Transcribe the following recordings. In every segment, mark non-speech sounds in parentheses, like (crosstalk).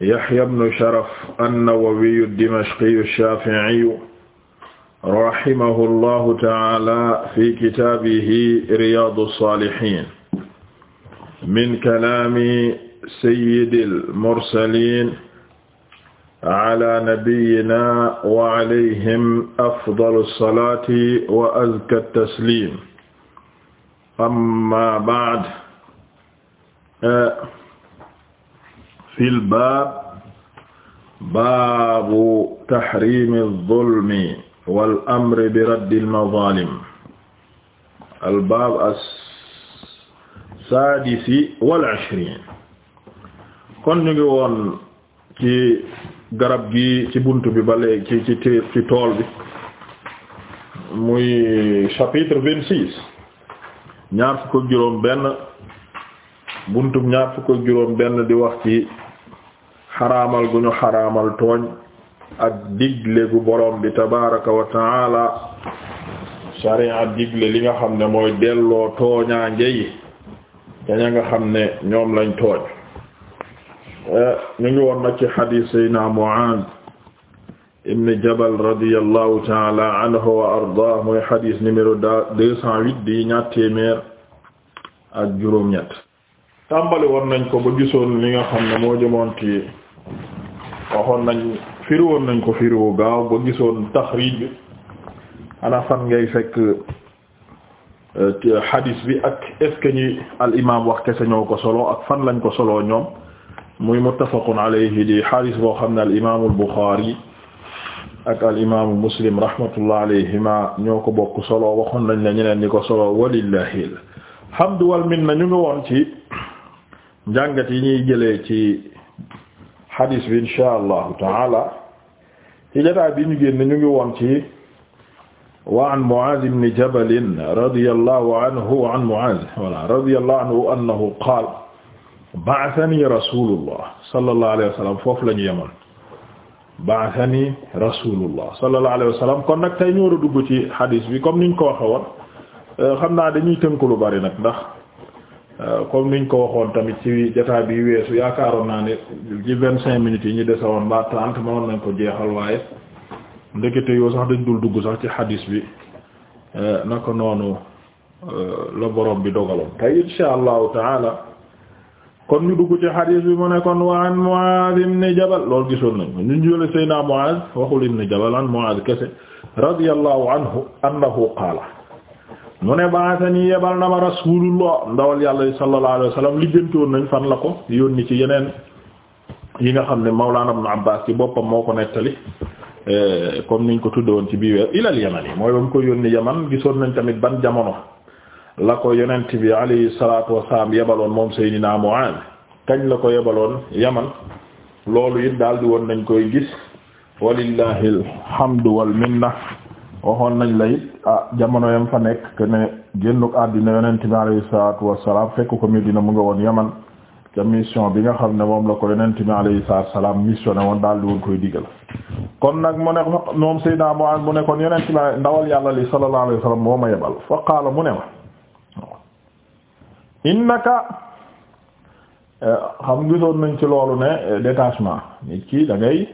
Yahya ibn Sharaf an-Nawawi ad-Dimashqi ash-Shafi'i rahimahullahu ta'ala fi kitaabihi Riyaadu s-Saalihiin min kalaami sayyidil mursaliin ala nabiyyinaa wa alayhim afdalu s-salaati wa azka t-tasliim amma ba'd fil baab baabu taxrimi zulmi wal amri bi raddi almazaalim al baab as-saadisi wal ishriin kon ñu ngi woon ci garab gi ci bunt bi ba léegi ci tool bi muy chapitre vingt-six ñaar fukk ak juróom benn buntub ñaar fukk ak juróom benn di wax xaraamal gu xaraamal tooñ ak digle gu borom bi tabaraka wa taala sharia digle li nga xam ne mooy delloo tooñaange yi daña nga xam ne ñoom lañ tooñ ñu ngi woon nag ci xadiis sayna Mu'aaz ibn Jabal radiyallahu taala anhu wa ardaah mooy xadiis numéro deux cent huit di ñaar téeméer ak juróom-ñett nañ ko ba gisoon li nga xam ne moo jëmoon ci waxoon nañ firi woon nañ ko firiwu gaaw ba gisoon taxriij bi ana fan ngay fekk hadis euh, bi ak est ce que ñi al imam wax kese ñoo ko solo ak fan lañ ko solo ñoom muy muttafaqun alayhi di hadis boo xam ne al imam al Bukhari ak al imam Muslim rahmatullah alayhima ñoo ko bokk solo waxoon nañ la ñeneen ñi ko solo walillahi alhamdu wal ñu ngi woon ci njàngat yi ñuy jëlee ci xadiis bi insha allahu taala ci jotaay bi ñu génn ñu ngi woon ci wa an Mu'aaz ibn Jabal radiyallahu anhu wa an Mu'aaz wala radiyallahu anhu annahu qaala ba'athani rasulullah sallallahu alayhi wa sallam foofu la ñu yemoon ba'athani rasulullah sallallahu alayhi wa sallam kon nag tey ñu war a dugg ci xadiis bi comme niñ ko waxe woon xam naa dañuy tënk lu bari nag ndax Euh, comme niñ ko waxoon tamit ci jotaay bi weesu yaakaaroon naa ne ci vingt cinq minutes yi ñu desewoon ba trente mënoon nañ ko jeexal waaye ndekete yoo sax dañ dul dugg sax ci xadis bi euh, naka noonu euh, la borom bi dogaloon tey insha allah taala kon ñu dugg ci xadis bi mu nekkoon kon wa an Muaaz ibn Jabal loolu gisoon nañ ko ñu jële Seydina Muaaz waxul ibn Jabal an Muaaz kese radiyallahu anhu annahu qaala mu ne baatani yebal na ma rasulullah ndawal yàlla sallallahu alayhi wa sallam lijjantoon nañ fan la ko yónni ci yeneen yi nga xam ne Mawlana Ibn Abbas ci boppam moo ko nettali eh, comme niñ ko tuddoon ci bii weer ilal yaman yi mooy ba mu ko yónni yaman gisoon nañ tamit ban jamono la ko yonent bi alayhi salaatu wasalaam yebaloon moom Seydina Mu'aaz kañ la ko yebaloon yaman loolu it daal di woon nañ koy gis walillahi alhamdu nañ la ah jamono yam fa nekk que ne àddina yonent bi alayhi salaatu wassalaam fekk ko Medina mu nga woon Yaman ca mission bi nga xam ne moom la ko yonent bi alayhi salaatu wassalaam missionné woon daal di woon koy digal kon nag mu ne moom Seydina Mu'aaz mu ne kon yonent bi ndawal yàlla li sallallahu alayhi wasallam moo ma yebal fa qaala mu ne ma innaka eh, xam gisoon nañ ci loolu ne eh, détachement nit ki da ngay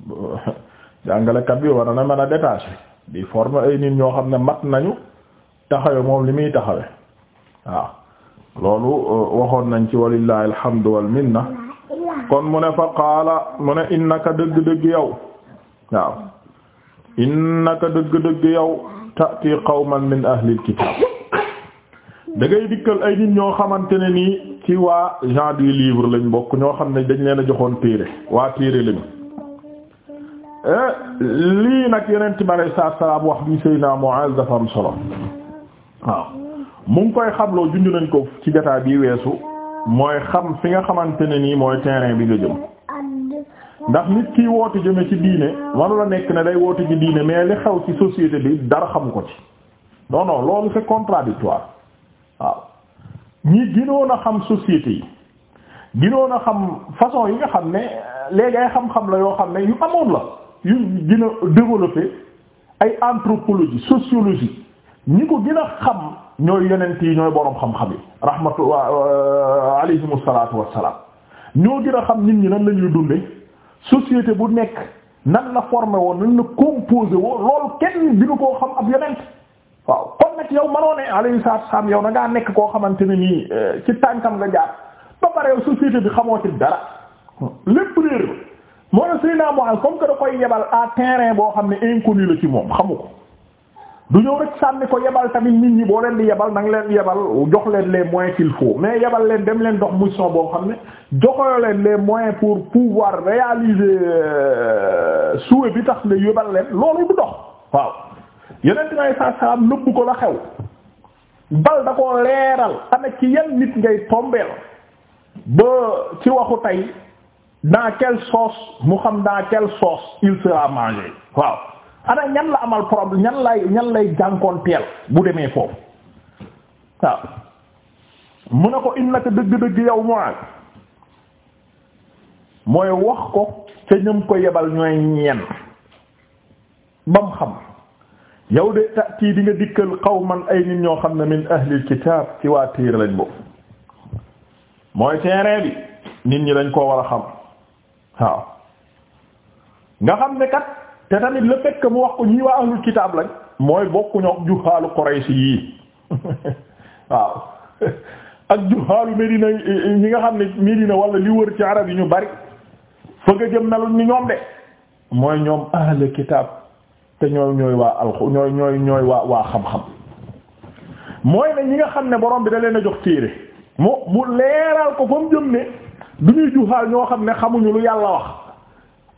(laughs) jàngalekat bi war na mën a détaché di former ay nit ñoo xam ne mat nañu taxawe moom li muy taxawe waaw loolu euh, waxoon nañ ci walillahi alhamdu wal na kon mu ne fa qaala mu ne innaka dëgg-dëgg yow waaw innaka dëgg-dëgg yow tati qawman min ahlil kitab dangay ngay dikkal ay nit ñoo xamante ni nii ci waa gens du livre lañ bokk ñoo xam ne dañ leen a joxoon téere waa téere lañu Eh, lii nag yeneen bi alayhi salaatu salaam wax bi Seydina Muaaz dafa am solo waaw mu ngi koy xamloo junj nañ ko ci jotaay bii weesu mooy xam fi nga xamante ne nii mooy terrain bi nga jëm ndax nit ki woote jëme ci diine wanu la nekk ne day woote ci diine mais li xew ci société bi dara xamu ko ci non non loolu c'est contradictoire waaw ñi gënoon a xam société yi gënoon a xam façon yi nga xam ne léegi ay xam-xam la yoo xam ne yu amoon la yu gën a développé ay anthropologie sociologie ñi ko gën a xam ñooy yonent yi ñooy boroom xam-xam yi rahmatu alayhimu salaatu wassalaam ñoo gën a xam nit ñi nan la ñuy dunde société bu nekk nan la formé woon nan la composé woon loolu kenn bi ñu koo xam ab yonent waaw kon nag yow manoo ne alayhi salaatu wassalaam yow da ngaa nekk koo xamante ne nii eh, ci tànkam nga jaar ba pare yow société bi xamoo ci dara lépp réer moo ne Seydina Mu'aaz comme que da koy yebal à terrain boo xam ne inconnu la ci moom xamu ko du ñëw rek sànni ko yebal tamit nit ñi boo leen di yebal na leen yebal jox leen les moyens qu'il mais yebal leen dem leen dox mission boo xam ne joxoo leen les moyens pour pouvoir réaliser euh, souhait bi tax nga yebal leen loolu du dox waaw yeneen may sa salaam nëbb ko la xew bal da koo leeral ana ci yan nit ngay tombeel ba ci waxu tey dans quelle sauce mu xam dans quelle sauce il sera mangé waaw ana ñan la amal problème ñan lay ñan lay bu demee foofu waaw mu ne ko innaka dëgg-dëgg yow Mu'aaz mooy wax ko ca ñëm ko yebal ñooy ñenn bam xam yow de tati di nga dikkal man ay nit ñoo xam ne min ahlil kitaab ci waa tiir lañ boobu mooy terrain bi nit ñi lañ koo war a xam waaw nga xam ne kat te tamit le fait mu wax ko ñi waa ahlul kitaab lañ mooy bokkuñoo juhaalu Quraysi yii (laughs) waaw ak juhaalu Medina ñi nga xam ne Medina wala li wër ci arab yi ñu bari fëgg jëm melul ni ñoom de mooy ñoom ahlul kitaab te ñooy ñooy waa alxu ñooy ñooy waa waa xam-xam mooy na ñi nga xam ne borom bi da leen a jox téere mu mu leeral ko fa mu jëm ne du ñuy juhaal ñoo xam ne xamuñu lu yàlla wax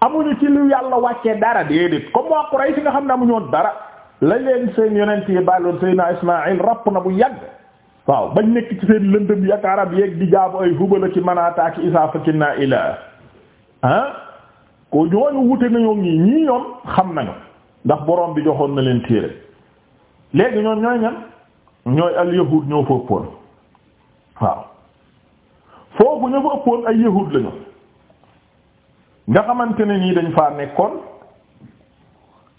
amuñu ci lu yàlla wàccee dara déedéet comme waa Quraysh nga xam ne amuñoon dara lañ leen seen yonent yi bàyyiloon Seydina Ismaïl rapp na bu yàgg waaw bañ nekk ci seen lëndëm yi ak arab yeeg di jaabu ay hubala ki manaata ak isaafa ki naa ilaa ah ko ñooñu wute nañoo ngi ñii ñoom xam nañu ndax borom bi joxoon na leen téere léegi ñoom ñooy ñan ñooy al ñoo foppoon waaw foofu ña ëppoon ay yahud lañu nga xamante ne nii dañ faa nekkoon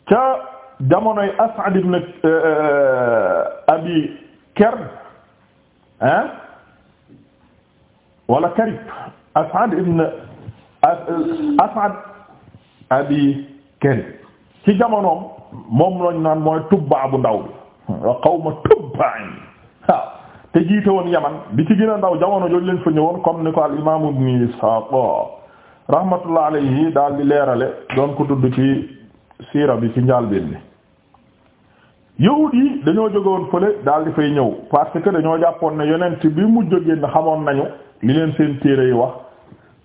ca jamonoy As'ad ibn euh, Abi Karib ah wala Karib As'ad ibn As'ad Abi Karib ci jamonoom moom looñ naan mooy Tubba bu ndaw bi wa qawma Tubba'i te jiite woon yaman bi ci gën a ndaw jamono jooju leen fa ñëwoon comme ni ko al imaamu ibn Ishaq rahmatullah alayhi daal di leerale doon ko tudd ci siira bi ci njàlbéen bi yahut yi dañoo jógewoon fële daal di fay ñëw parce que dañoo jàppoon yonent bi mu jógee xamoon nañu li leen seen téere yi wax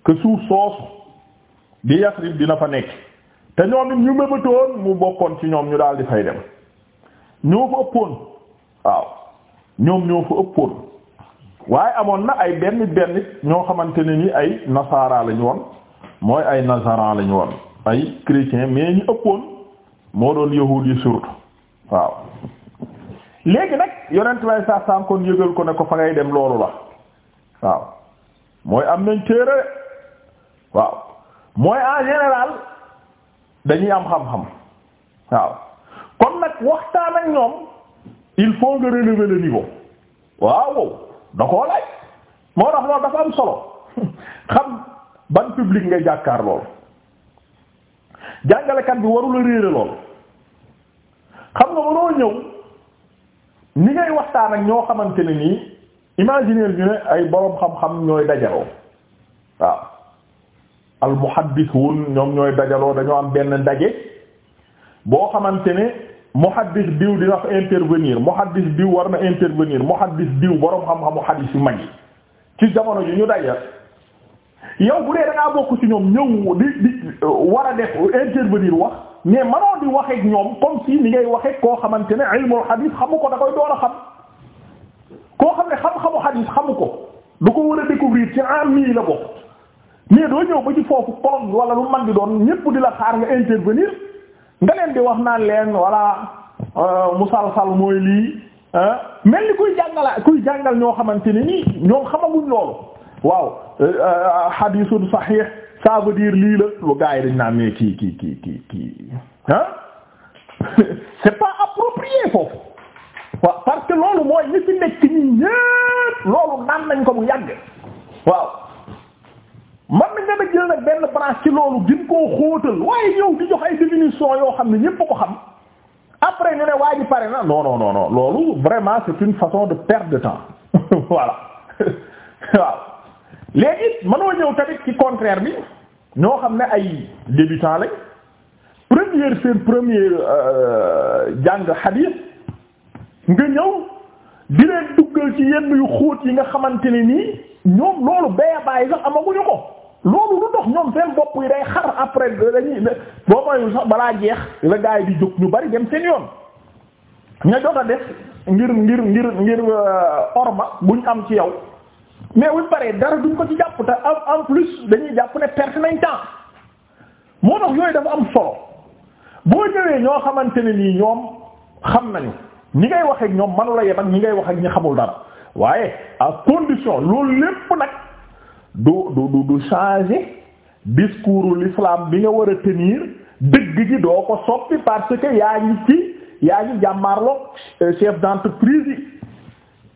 que suuf soosu di Yasrib dina fa nekk te ñoom it ñu mébatoon mu bokkoon ci ñoom ñu daal di fay dem ñoo fa ëppoon waaw ñoom ñoo fa ëppoon waaye amoon na ay benn benn ñoo xamante ne ni ay nasaara lañu woon mooy ay nasaran lañu woon ay chrétien mais ñu ëppoon moo doon yahuud yi surtout waaw léegi nag yonent bay saa saam kon yëgal ko ne ko fa ngay dem loolu la waaw mooy am nañ téere waaw mooy en général dañuy am xam-xam waaw kon nag waxtaan ak ñoom il faut nga relever le niveau waaw da koo laaj moo tax loolu dafa am solo (laughs) xam ban public ngay jàkkaar lool jàngalekat bi warula réere lool xam nga mënoo ñëw ni ngay waxtaan ak ñoo xamante ne nii imaginer ñu ne ay boroom xam-xam ñooy dajaloo waaw al muhaddithun ñoom ñooy dajaloo dañoo am benn ndaje boo xamante ne muhaddis diw dina fa intervenir muhaddis diw war na intervenir muhaddis diw borom xam-xamu hadis yu mag yi ci jamono ji ñu daya yow bu dee da ngaa bokk ci ñoom ñëw di di war a def intervenir wax mais mënoo di waxeek ñoom comme si ni ngay waxeek koo xamante ne ilmul hadis xamu ko da koy door a xam koo xam ne xam-xamu hadis xamu ko du ko war a découvrir ci en mille la bokk mais doo ñëw ba ci foofu kolom wala lu man di doon ñépp di la xaar nga intervenir. nga leen di wax naan leen walla euh, musalsal mooy lii mel ni kuy jàngala kuy jàngal ñoo xamante ni nii ñoom xamaguñ loolu waaw euh, hadithun sahih ça veut dire lii la gars yi dañ naan ne kii kii kii kii kii (laughs) c'est pas approprié foofu waaw parce que loolu mooy ñi fi nekk ñi ñépp loolu naan nañ ko bu yàgg waaw man na nga a jël nag benn branche ci loolu gën koo xóotal waaye yow di jox ay définition yoo xam ne ñépp a ko xam après ñu ne waa ji pare na non non loolu vraiment c'est une façon de perdre de temps (laughs) voilà (laughs) waaw léegi mënoo ñëw tamit ci contraire bi ñoo xam ne ay débutants lañ première seen première euh, jàng hadith nga ñëw di leen duggal ci yenn yu xóot yi nga xamante ne nii ñoom loolu bee bàyyi sax amaguñu ko. loolu lu dox ñoom seen bopp yi day xar après dañuy boo mooy sax balaa jeex la gaa yi di jóg ñu bari dem seen yoon ña jot a def ngir ngir ngir ngir euh, orma buñ am ci yow mais buñ paree dara duñ ko ci jàpp te en plus dañuy jàpp ne perte nañ temps moo tax yooyu dafa am solo boo ñëwee ñoo xamante ne nii ñoom xam nañu ñi ngay waxee ñoom mënu la ak ñi ngay wax ak ñi xamul dara waaye à condition loolu lépp nag. du du du changer discours l'islam bi nga war a tenir dëgg gi doo ko soppi parce que yaa ngi ci yaa ngi jàmmarloog euh, chef d'entreprise yi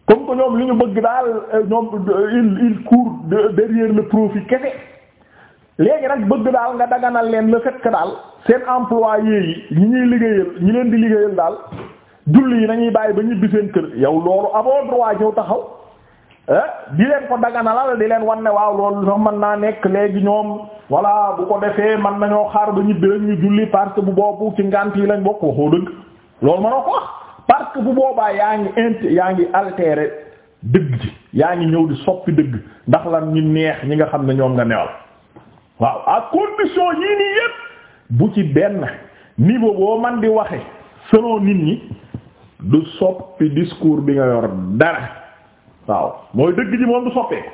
comme que ñoom lu ñu bëgg daal euh, ñoom euh, il il court derrière le profit kese léegi nag bëgg daal nga daganal leen le fait que daal seen employé yi ñi ñuy liggéeyal ñi leen di liggéeyal daal julli yi nañuy bàyyi ba ñibbi seen kër yow loolu amoo droit ñëw taxaw. Eh? di leen ko daganalal di leen wan ne waaw loolu sax mën naa nekk léegi ñoom voilà bu ko defee man nañoo xaar ba ñibbi rek ñu julli parce bu boobu ci ngant yi lañ bokk waxoo dëgg loolu mënoo ko wax parce bu boobaa yaa ngi int yaa ngi altérer dëgg ji yaa ngi ñëw di soppi dëgg ndax la ñu neex ñi nga xam ne ñoom nga newal waaw à condition yii nii yépp bu ci benn niveau boo man di waxe selon nit ñi du soppi discours bi nga yor dara waaw mooy dëgg ji moom du soppeeku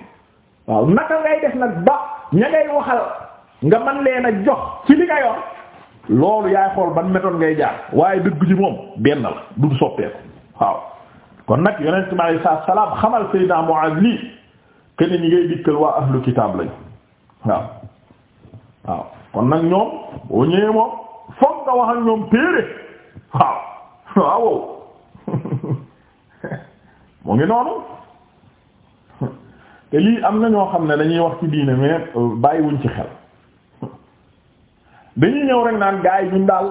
waaw naka ngay def nag ba ña ngay waxal nga man leen ak jox ci li nga yor loolu yaay xool ban méthode ngay jaar waaye dëgg ji moom benn la du soppeeku waaw kon nag yonent bi alayhi salaatu salaam xamal Seydina Muaaz lii kenn ñi nag ñoom boo moom foog nga wax ak ñoom téere waaw (laughs) waaw (laughs) mu ngi noonu te lii am na ñoo xam ne dañuy wax ci diine mais euh, bàyyiwuñ ci xel dañuy ñëw rek naan gaa yi daal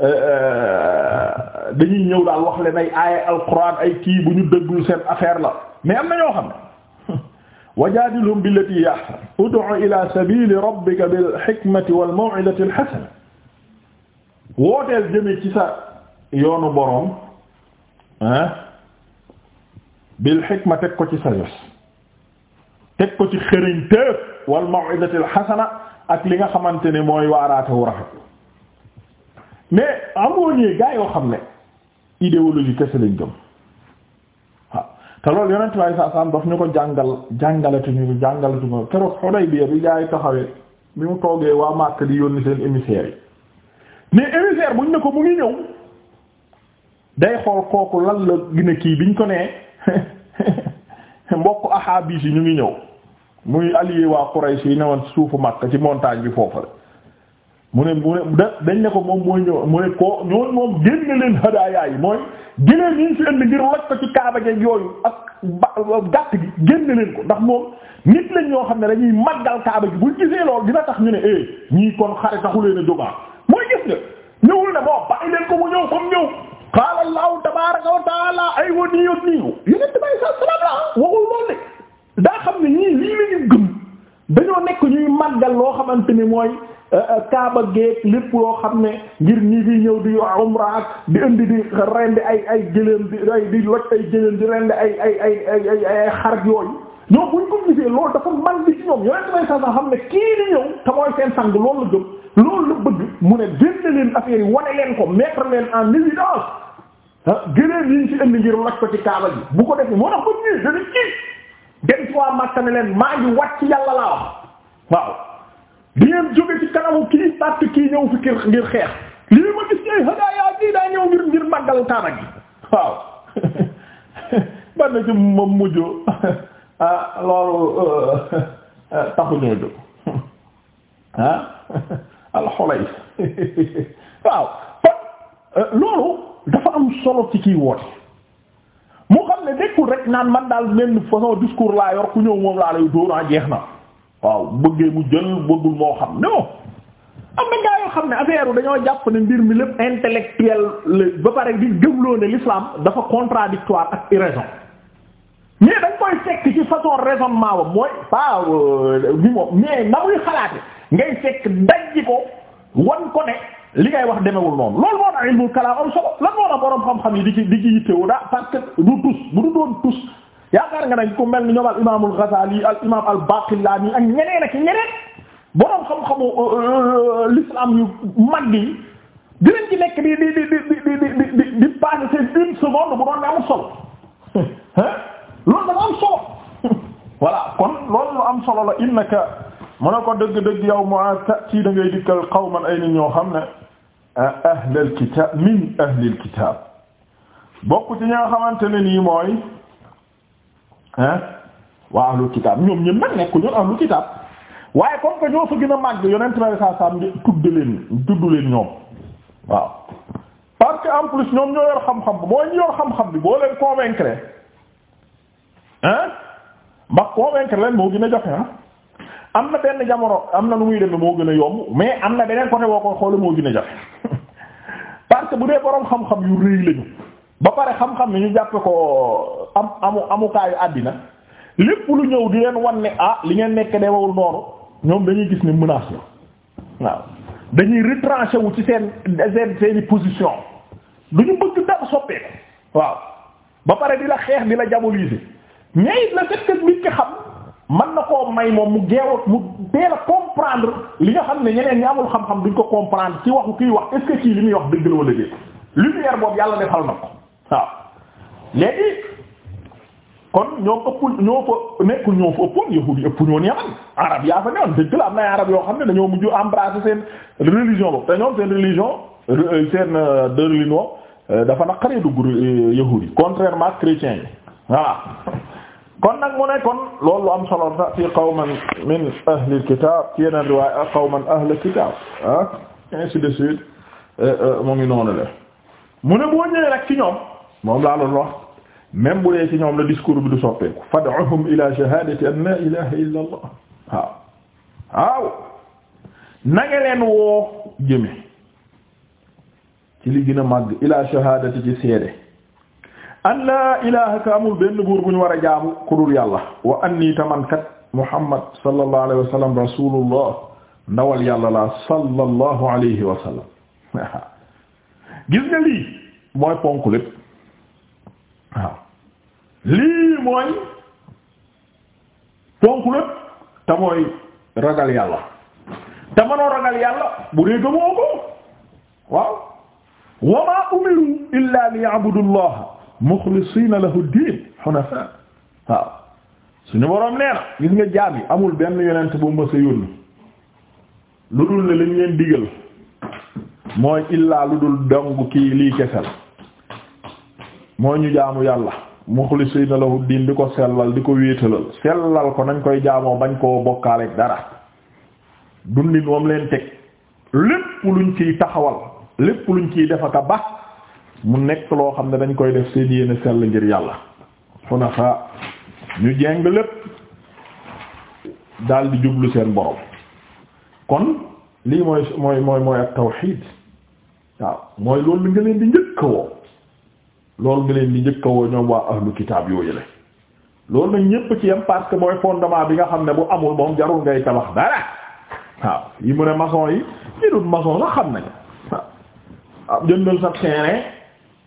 euh, euh, dañuy ñëw daal wax leen ay aaya alquran ay kii bu ñu dëggul seen affaire la mais am na ñoo xam ne (laughs) wajadilhum billati ahsan ud'u ila sabili rabbika bil hikmati wal maw'idati al hasana wooteel jëme ci sa yoonu boroom bi bil hikma teg ko ci sagesse teg ko ci xëriñ téef wal maw'izatil hasana ak li nga xamante ne mooy waaraate wu rafet mais amoo ñëwee gaa yoo xam ne idéologie kese lañ jëm waaw te loolu yonent bi saa ñu ko jàngal jàngalati ñu ko jàngalati ñu ko keroog Hudaybiya bi gaa yi taxawee bi mu toogee waa Màkka di yónni seen émissaires yi mais émissaire buñ ne ko mu ngi ñëw day xool kooku lan la gën a kii biñ ko nee (laughs) mbokk axaabis yi ñu ngi ñëw. muy allié waa Quraysh yi newoon suufu Makka ci montagne bi foofu la mu ne mu ne dañ ne ko moom mooy ñëw mu ne koo ñoon moom génn leen hadaaya yi mooy génneen yi ci kaaba gi yooyu ak ba gi génn leen ko ndax moom nit lañ ñoo xam ne dañuy màggal kaaba gi bu gisee loolu dina tax ñu ne eh ñii kon xare taxu leen a jógaa ah. mooy gis nga ñëwul ne moo bàyyi leen ko mu ñëw comme ñëw qaala allahu tabaaraka wa taala ay nii yoon nii yow yéen a tibay sa salaam la ah waxul loolu de daa xam ne ñii lii la ñu gëm dañoo nekk ñuy màggal loo xamante ni mooy euh, euh, kaaba geek lépp loo xam ne ngir ñi fi ñëw di umra ak di indi di rendi ay ay gëléem di ay di loj ay gëléem di rendi ay ay ay ay ay xar yooyu ñoom buñ ko gisee loolu dafa man bi ci ñoom yonent may sax xam ne kii di ñëw te mooy seen sang loolu gëm loolu la bëgg mu ne génne leen affaire yi wane leen ko mettre leen en évidence ah gëléem yi ñu ci indi ngir loj ko ci kaaba gi bu ko defee moo tax ko ñëwee dana ci dem waa Makka ne leen maa ngi wàcc yàlla laa wax waaw di ngeen jóge ci kanamu kii parce kii ñëw fi ngir xeex lii ma gis ñooy hadaaya kii daa ñëw ngir ngir màggal Kaaba gi waaw (laughs) ban na ci moom mujj (laughs) ah, loolu euh, (laughs) taxu ñoo jóg ah waaw kon euh, loolu dafa am solo ci kii woote moo xam ne nekkul rek naan man daal benn façon discours laa yor ku ñëw moom laa lay dóor ah, jeex na waaw bëggee mu jël bëggul moo xam non am na yoo xam ne affaire dañoo jàpp ne mbir mi lépp intellectuel ba pare di gëmloo ne l'islam dafa contradictoire ak irraison mais dañ koy fekk ci façon raisonnement ba mooy pas bi euh, moom mais na muy xalaate ngay fekk dajji ko wan ko ne li ngay wax demewul noonu loolu moo tax ilmul kalaam am solo lan moo xam-xam yi di daa parce que du tus bu du doon mel ni ñoom al imaam al Ghazali al imaam al Baqillani ak ñeneen ak ñeneen borom xam-xamu euh, euh, l'islam nekk di di di di di di di passer seen une (laughs) am solo (laughs) voilà kon loolu am solo la innaka mu ne ko dëgg-dëgg yow Mu'aaz ta'ti da ngay xaw qawman ay nit ñoo xam ne ahlal kitaab min ahlil kitaab bokk ci ñi nga xamante ne nii mooy ah waa ahlul kitaab ñoom ñoom nag nekk ñoom ahlul kitaab waaye comme que ñoo fa gën a màgg yonent bi saa saa mu tudd leen tudd leen ñoom waaw parce que en plus ñoom ñoo yor xam-xam bi boo ñu xam-xam bi boo leen convaincre ah ba convaincre leen moo gën a joxe ah. am na benn jamono am na nu muy demee moo gën a yomb mais am na beneen côté boo koy xoole moo gën a jafe (laughs) parce que bu dee boroom xam-xam yu rëy lañu ba pare xam-xam ni ñu jàppe ko am amu amukaayu àddina lépp lu ñëw di leen wan ne ah li ngeen nekke nekk dewawul noonu ñoom dañuy gis ne menace la waaw dañuy retranché wu ci seen seen seeni position du ñu bëgg dara soppeeku waaw ba pare di la xeex di la diaboliser mais la fekk nit ki xam man na koo may moom mu geew mu teel a comprendre li nga xam ne ñeneen ñi amul xam-xam duñ ko comprendre ci waxu kiy wax est-ce que kii li muy wax dëgg la wala déet lumière boobu yàlla defal na ko waaw léegi kon ñoo ëpp ñoo fa nekkul ñoo fa ëppoon yahudi ëpp ñoo yaman arab yaa fa newoon dëgg la am na ay arab yoo xam ne dañoo mujj embrasser seen religion boobu te ñoom seen religion euh, seen euh, dërlin euh, dafa naqaree dugg yahudi contrairement chrétiens yi kon nag mu ne kon loolu am solo ta fi qawman min ahlil kitab ci yeneen riwaay ak ah, qawman ahlil kitab ah ainsi de suite eh, eh, mu ngi noonu la mu ne boo ñëwee rek ci ñoom moom laa doon wax même bu dee ci ñoom la discours bi du soppeeku fad'uhum ila shahadati an la ilaha illa allah waaw waaw leen woo jëme ci li gën a màgg ila shahadati ci seede an laa ilaha ka amul benn buur bu ñu war a jaamu ku dul yàlla wa annii tamankat muhammad sallallahu alayhi wa sallam rasulullah ndawal yàlla laa sallallahu alayhi wa sallam (laughs) gis nga lii mooy ponk lépp waaw lii mooy ponk lépp te mooy ragal yàlla te manoo ragal yàlla bu dee gëmoo ko waaw wa maa umiru illa liya'budu allah muxlisiina lahu diin xunafaa waaw suñu boroom nee na gis nga jaam yi amul benn yonent bu mës a yónni lu dul ne lañ leen digal mooy illaa lu dul dong kii lii kesel moo ñu jaamu yàlla muxlisiina lahu diin di ko sellal di ko wéetalal sellal ko nañ koy jaamoo bañ koo bokkaaleek dara dundin moom leen teg lépp luñ ciy taxawal lépp luñ ciy defaka ba mu nekk loo xam ne dañ koy def seen yéene sell ngir yàlla xunafa ñu jeng lépp daal di jublu seen borom kon lii mooy mooy mooy mooy ak tawxiid waaw mooy loolu nga leen di njëkk woo loolu nga leen di njëkk ñoom waa ahlu kitaab yooyu la loolu nag ñépp ci yam parce mooy fondement bi nga xam ne bu amul moom jarul ngay tabax dara waaw yi mu ne maçon yi ñi dul maçon sax xam nañu waaw ah, jëndal sa terrain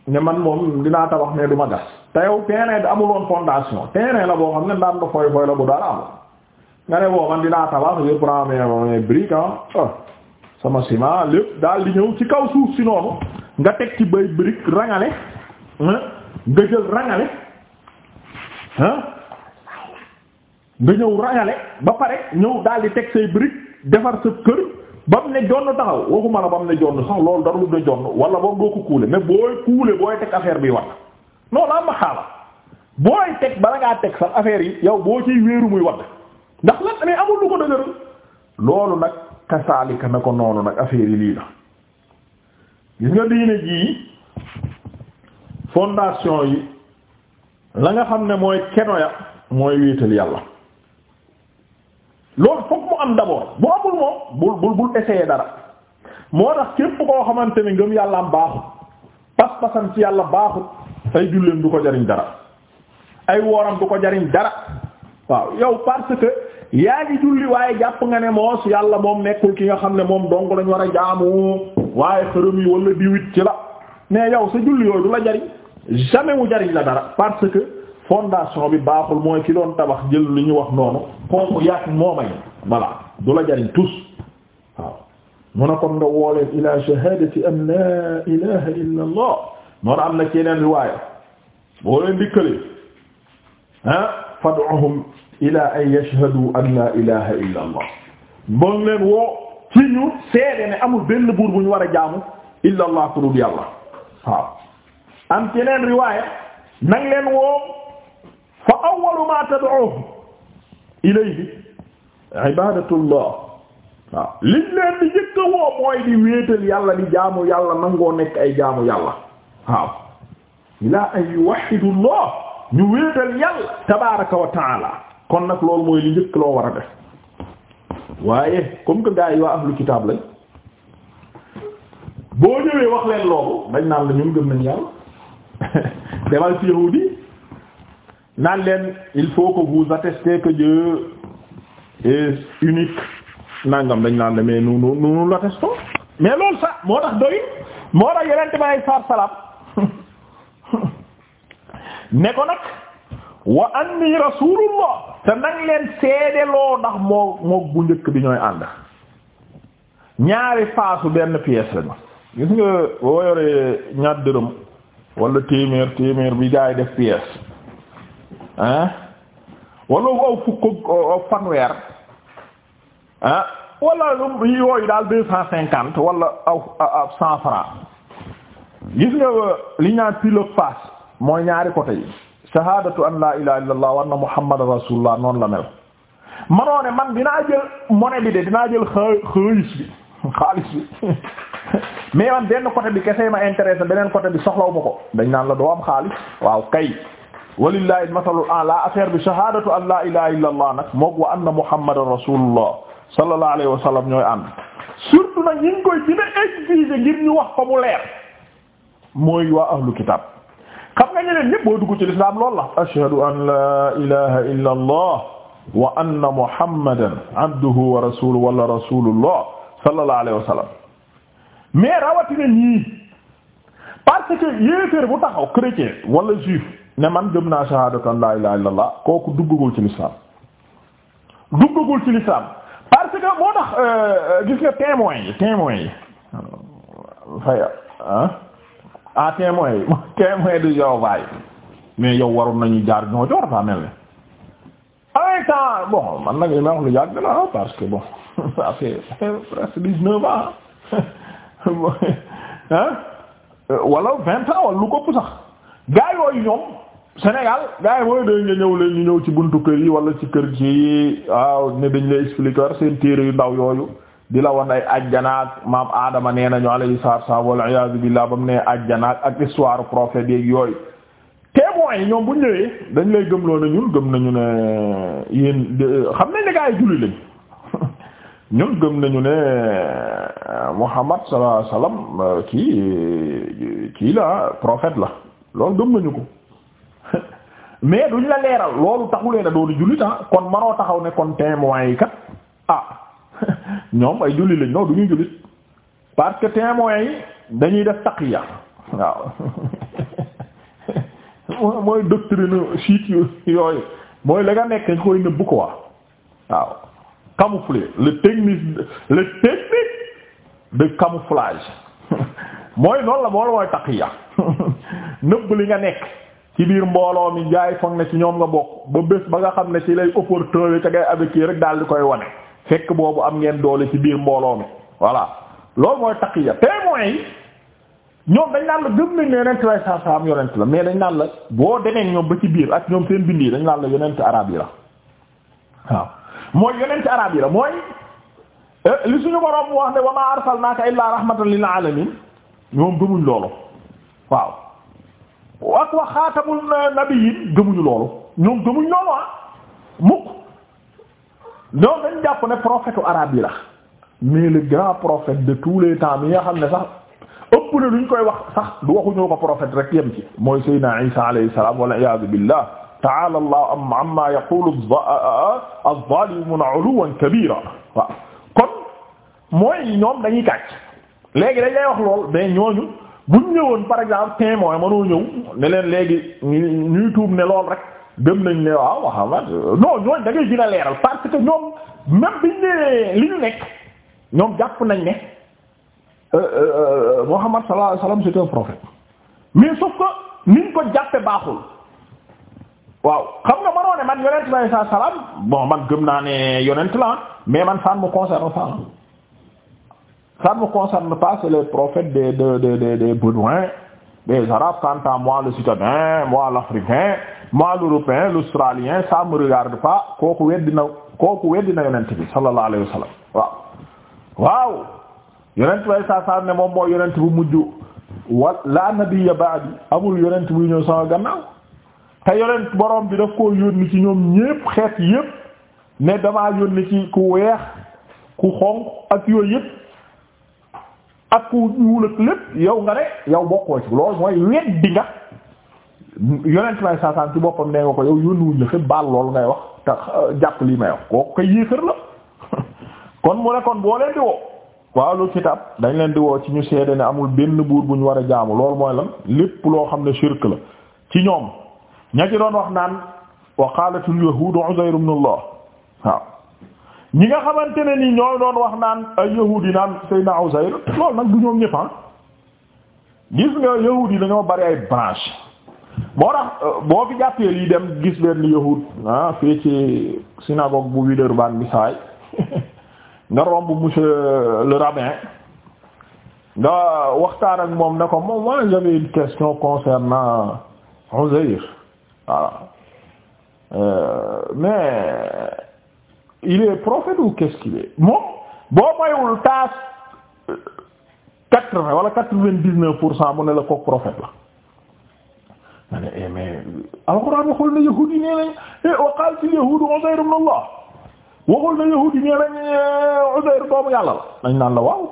ne man moom dinaa tabax ne du ma gas te yow terrain bi amuloon fondation terrain la boo xam ne ndaan nga fooy fooy la bu dara am nga ne boo man dinaa tabax je prends mes ah, sama ciment lépp daal di ñëw ci kaw suuf si noonu nga teg ci bay brique rangale nga jël rangale nga ñëw rangale ba pare ñëw daal di teg say briques defar sa kër ba mu ne jonn taxaw waxuma la ba mu ne jonn sax loolu dara lu ne jonn wala boobu doo ko kuule mais booy kuule booy teg affaire bi wadd non la ma xaala booy teg bala ngaa teg sax affaire yi yow boo ciy wéeru muy wadd ndax lan ne amul lu ko dëgëral loolu nag kasaalika na ko noonu nag affaire yi lii la gis nga diine jii fondation yi la nga xam ne mooy keno ya mooy wéetal yàlla loolu foog mu am d'abord bu amul moom bul bul bul essayer dara moo tax képp koo xamante ni ngëm yàlla am baaxut pas-pasam ci yàlla baaxut ay julleem du ko jariñ dara ay wooram du ko jariñ dara waaw yow parce que yaa ngi julli waaye jàpp nga ne moos yàlla moom nekkul ki nga xam ne moom dong lañ war a jaamu waaye xërëm yi wala diwit ci la mais yow sa julli yooyu du la jariñ jamais mu jariñ la dara parce que fondation bi baaxul mooy ki doon tabax jël li ñu wax noonu kooku yàq moomay voilà du la jariñ tus waaw mu ne kon nga wooleen ila shahadati an la ilaha illa allah am na ci yeneen riwaaya boo leen dikkalee ah fad'uhum ila an woo amul benn buur bu ñu war a jaamu illa allah ku dul yàlla am ci riwaaya nang leen woo fa awwalu ma tad'uhum ilayhi ibadatullah waaw liñ leen di njëkk woo mooy di wéetal yàlla di jaamu yàlla nangoo nekk ay jaamu yàlla waaw ilaa an yuwahhidu llah ñu wéetal yàlla tabaraka wa kon nag loolu mooy li njëkk loo war a def waaye comme que gars yi waa ahlu kitaab lañ boo ñëwee wax leen loolu dañ naan la ñun nañ yàlla (laughs) demal ci yahudi naan leen il faut que vous attestiez que Dieu unique nangam dañ naan la mais nous nous nous l'attestons mais loolu sax moo tax doy moo tax yeneen tamit ay ne ko nag wa anni rasulullah te nag leen seedeloo ndax moo moo bu njëkk bi ñooy ànd ñaari faasu benn pièce lañu gis nga boo yoree ñaar dërëm wala téeméer téeméer bi jaay def pièce. ah wala aw fukk ak fanweer ah wala yooyu daal deux cent cinquante wala aw aw cent francs gis nga euh, li ñaan pilote passe mooy ñaari côté yi shahadatu an la ilaha illallah wa anna muhammadan rasulullah noonu la mel manoo ne man dinaa jël monnaie bi de dinaa jël xaalis bi (laughs) xaalis bi (laughs) mais man benn côté bi kese ma intéressé beneen côté bi soxlaw ma ko dañ naan la doo am xaalis waaw kay walillahi al-masalul affaire bi shahadatu an la ilaha illa allah nag mook wa anna muhammadan rasulullah sallallahu alayhi wa sallam ñooy ànd surtout nag ñi ngi koy dina ngir ñu wax mooy waa ahlu kitab xam nga ñeneen ñëpp boo dugg ci lislaam la ashhadu an la ilaha illa allah wa anna muhammadan abduhu wa rasuluhu wala rasulullah sallallahu alayhi wa sallam mais rawatina ñii parce que yéeféer bu taxaw chrétien wala juif ne man gëm naa shahaadatu an laa ilaaha kooku duggagul ci l'islam duggagul ci l'islam parce que moo tax euh, euh, gis nga témoins yi témoins yi fay ah ah témoins yi (laughs) témoins du Jéhovah yow waroon nañu jaar ñoo joor mel ne en temps bon man nag li ma wax lu yàgg la parce que bon (laughs) ça fait presque dix (laughs) euh, wala vingt wala lu ko ëpp sax gaa yooyu ñoom Sénégal gars yi mooy dañ nga ñëw leen ñu ñëw ci buntu kër yi wala ci kër ci waaw ne dañ lay expliquer seen téere yu ndaw yooyu di la wan ay ajjanaak maam aadama nee nañu alayhi salaatu wassalaam wal iyaazu billaah ba mu nee ajjanaak ak histoire profet yeeg yooyu témoins yi ñoom bu ñëwee dañ lay gëmloo na ñun gëm nañu ne yéen xam nañ ne gars yi julli lañ (laughs) ñun gëm nañu ne euh, Muhammad sallallahu alayhi wasallam euh, kii kii la profet la loolu gëm nañu ko mais du ñu la leeral loolu taxulee na doon jullit ah kon manoo taxaw ne kon témoins yi kat ah (laughs) ñoom ay jullit lañ non du ñuy jullit parce que témoins yi dañuy def taqiya waaw (laughs) mooy doctrine chiite yooyu mooy la nga nekk nga koy nëbb ko wax waaw camoufler le technique le technique de camouflage (laughs) mooy noonu la boolu mooy taqiya nëbb li nga nekk ci biir mbooloo mi jaay foog na ci ñoom nga bokk ba bés ba nga xam ne ci lay opportunité ca ngay avec rek daal di koy wane fekk boobu am ngeen doole ci biir mbooloo mi voilà loolu mooy taqiya témoins yi ñoom dañ naan la gëm nañ ne yonent lay saa saa am yonent la mais dañ naan la boo demee ñoom ba ci biir ak ñoom seen bind yi dañ naan la yonent arab yi la waaw mooy yonent arab yi la mooy eh, li suñu borom wax ne wa ma arsalnaaka illaa rahmatan lil alamin ñoom gëmuñ ak wa xaatamul nabiyyin gëmuñu loolu ñoom gëmuñu loolu ah. mukk ñoom dañ jàpp ne profet arabe yi la mais le grand prophète de tous les temps mi nga xam ne sax ëpp na lu koy wax sax du waxuñoo ko prophète rek yem ci mooy Seydina Isa alayhi salaam wal iyaadu billah ta'ala allah amma yaqulu az-zalimuna 'uluwan kabira waaw kon mooy ñoom dañuy kàcc léegi dañ lay wax ñooñu buñ woon par exemple témoin mënoo ñëw ne leen léegi ñuy tuub ne lool rek gëm nañ ne waaw waxama non ñooñ da ngay a leeral parce que ñoom même biñ ne li ñu nekk ñoom jàpp nañ ne euh, euh, Muhammad sallallahu alayhi wasallam c'est un prophète mais sauf que niñ ko jàppe baaxul waaw xam nga mënoo ne man yonent bi sallallahu alayhi bon man gëm naa ne yonent la mais man fan mu concerne fan ça ne me concerne pas c'est les prophètes des des des des Bédouins des Arabes quant à moi le citadin moi l'Africain moi l'Européen l'Australien ça me regarde pas kooku weddina kooku weddina yonent bi sallallahu alayhi wa sallam waaw waaw yonent way saa saa ne moom mooy yonent bu mujj wa la nabiyya ba'di amul yonent bu ñëw sama gannaaw te yonent borom bi daf koo yónni ci ñoom ñépp xeet yépp ne damaa yónni ci ku weex ku xonq ak yooyu yépp ak ku ñuul lépp yow nga ne yow bokkoo ci loolu mooy weddi nga yonent may saasaan ci boppam nee nga ko yow yónnuwuñ la xëpp baal loolu ngay wax te jàpp lii may wax kooku koy yéefër la (laughs) kon mu ne boo leen di woo waaw lu kitaab dañ leen di woo ci ñu seede ne amul benn buur bu ñu war a jaamu lool mooy lan lépp loo xam ne shirk la ci ñoom ña ci doon wax naan wa qalatul yahudu Uzayr ibn Allah waaw ñi nga xamante ne ni ñoo doon wax naan ay yahuudi naan Seydina Uzayr loolu nag du ñoom ñëpp ah. gis nga yahuudi dañoo bari ay branche moo tax euh, boo fi jàppee lii dem gis benn yahud ah fii ci synagogue bu Villeurbanne bi saay (laughs) nga romb monsieur le rabbin nga waxtaan ak moom ne ko moom moi j'avais question concernant Uzayr euh, mais il est prophète ou qu'est-ce qu'il moom boo mayul taas euh, quatre-vingt wala quatre-vingt-dix-neuf pour cent mu ne la kook prophète la ma ne eh, mais alxuraan waxul na yahuud yi nee nañ eh, wa qaalatil yahuudu Uzayr ibn Allah waxul na yahuud yi nee eh, yàlla la dañ naan la waaw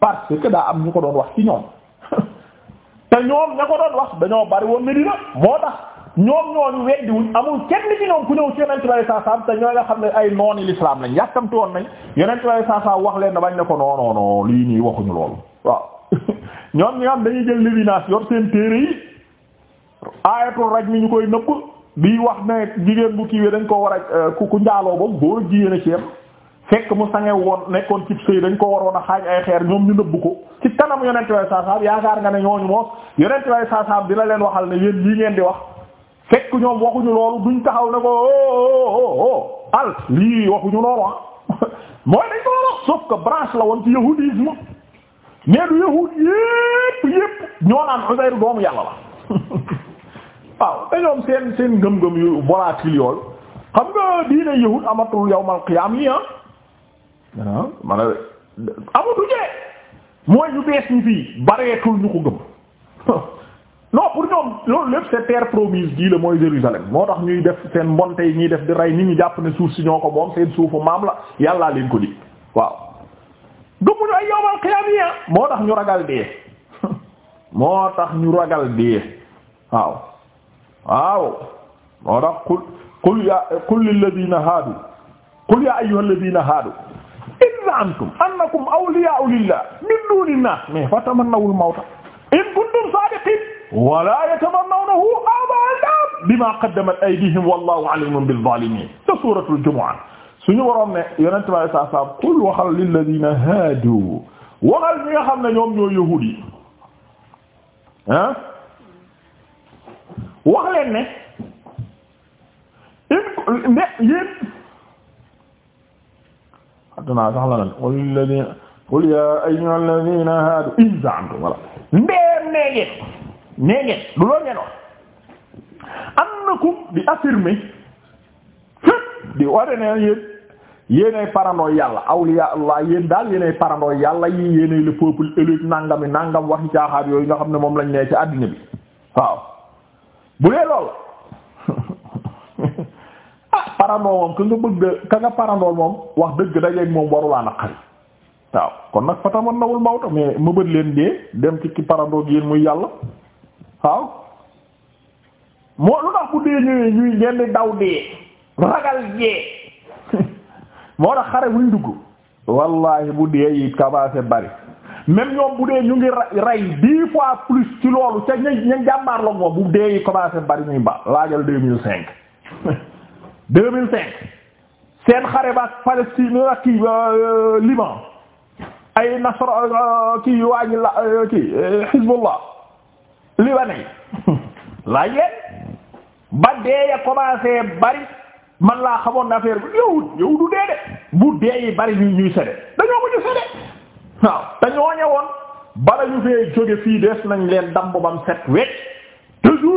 parce que daa am ñu ko doon wax ci ñoom (laughs) te ñoom ña ko doon wax dañoo bari woon Medina moo tax ñoom ñooñu weddiwuñ amul kenn ci ñoom ku ñëw ci yonent bi sallallahu alayhi wasallam te xam ne ay nooni l'islam lañ yàkkamti woon nañ yonent bi sallallahu alayhi wasallam wax leen na bañ ko non non non lii nii waxuñu loolu waaw (laughs) ñoom ñi dañuy jël lévinace yor seen téere yi aayatul ñu koy nëbb bi wax ne jigéen bu kiiwee dañ ko war a euh, ku njaaloo boobu góor jigéen a ci yem fekk mu sange nekkoon cib dañ ko waroon a xaaj ay xeer ñoom ñu nëbb ko ci kanam yonent bi sallallahu alayhi yaakaar nga ne ñooñu moos yonent bi sallallahu alayhi wasallam dina leen waxal ne yéen lii ngeen di wax fekk ñoom waxuñu loolu duñ taxaw ne ko o oh, oh, oh, al lii waxuñu loolu ah (laughs) mooy dañ ko wax sauf que branche la woon ci yahudisme mais du yahud yépp yépp ñoo naan Uzayr doomu yàlla la (laughs) waaw te ñoom seen seen ngëm-ngëm yu volatile yooyu xam nga diine yahud amatul yawmal qiyaam yi ah ah man amatu jee mooy ñu bees ñu fii bareetul ñu ko gëm (laughs) non pour ñoom loolu lépp c'est promise gii la mooy Jérusalem moo tax ñuy def seen mbonte yi ñuy def di rey nit ñi jàpp ne suuf si ñoo ko moom seen suufu maam la yàllaa leen ko dig waaw gëmmuñu ay yowmal xiyaam ah. moo tax ñu ragal dee (laughs) moo tax ñu ragal dee waaw waaw moo tax qul qul ya qul lil ladina haadu qul ya ayyuhal ladina haadu in za'amtum annakum awliya'u lillah min dunin nas mais fa tamannawul mawta in kuntum sadiqin wala yatamannawnahu abadan bima qaddamat aydihim wallahu alimun bil zalimin te suratul jumu'a suñu waroon ne yonente bi alei sat selaam qul waxal lilladina haadu waxal ñi nga xam ne ñoom ñoo yahuud yi ah wax leen ne in ne yéen addanaa sax la nan walilladina qul ya ayyuhalladina haadu in za'amtum wala mbeen ne nee ngeen du loolu ngeen wax annakum di affirmer fépp di ware neen yéen yéenay parandoo yàlla awliya allah yéen daal yéenay parandoo yàlla yi yéenay le peuple élite nangami nangam waxi caaxaar yooyu nga xam ne moom lañu nee ci àddina bi waaw bu dee lool (laughs) ah parandoo moom ka nga bëgg ka nga parandoo moom wax dëgg dajeeg moom warulaa naqari waaw kon nag fataman nawul mawta mais mëbët leen dee dem ci parandoo gi yéen muy yàlla waaw moo lu tax bu dee ñëwee ñuy ngeen daw dee ragal dee (laughs) moo tax xare buñ dugg wallahi bu dee yi commencé bari même ñoom bu dee ñu ngi rey dix fois plus ci loolu ca ña ña jàmbaar la moom bu dee yi commencé bari ñuy ba laajal deux mille cinq (laughs) deux mille cinq seen xare ba Palestine ak kii euh, euh, Liban ay nasr euh, kii waa ñi la kii Hezbollah libanais laaj leen ba dee ya commencé bari man laa xamoon na affaire bi yow dee de bu dee yi bari ñuy ñuy sede dañoo mujj sede waaw te ñooñe woon bala ñu fee jóge fii des nañ leen damb bam set wecc toujours